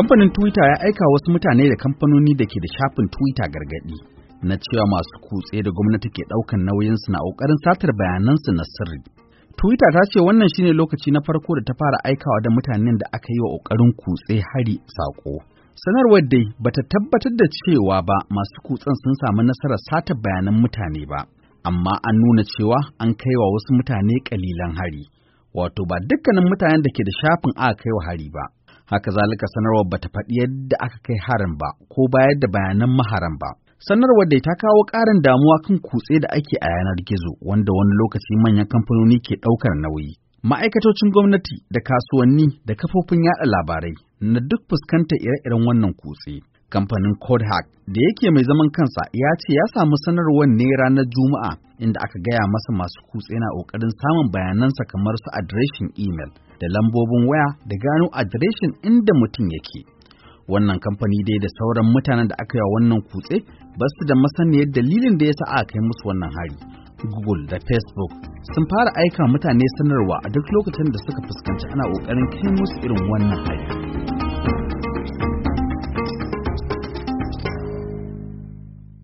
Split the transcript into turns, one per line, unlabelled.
Kamfanin Twitter ya aika wasu mutane da kamfanoni da ke da shafin Twitter gargaɗi na cewa masu kutse da gwamnati ke ɗaukan nauyinsu na ƙoƙarin satar bayanansu na sirri. Twitter ta ce wannan shine lokaci na farko da ta fara aikawa da mutanen da aka yi wa ƙoƙarin kutse hari saƙo. Sanarwar dai bata tabbatar da cewa ba masu kutsen sun samu nasarar satar bayanan mutane ba, amma an nuna cewa an kai wa wasu mutane kalilan hari, wato ba dukkanin mutanen da ke da shafin aka kai wa hari ba. Haka zalika sanarwar bata faɗi yadda aka kai harin ba ko bayar da bayanan maharan ba. Sanarwar dai ta kawo ƙarin damuwa kan kutse da ake a yanar gizo wanda wani lokaci manyan kamfanoni ke ɗaukar nauyi. Ma'aikatocin gwamnati da kasuwanni da kafofin yaɗa labarai na duk fuskantar ire-iren wannan kutse. Kamfanin Kodak da yake mai zaman kansa ya ce ya samu sanarwar ne ranar Juma'a inda aka gaya masa masu kutse na ƙoƙarin samun bayanansa kamar su adireshin imel da lambobin waya da gano adireshin inda mutum yake. Wannan kamfani dai da sauran mutanen da aka yi wannan kutse ba su da masaniyar dalilin da ya sa aka kai musu wannan hari. Google da Facebook sun fara aika mutane sanarwa a duk lokacin da suka fuskanci ana ƙoƙarin kai musu irin wannan hari.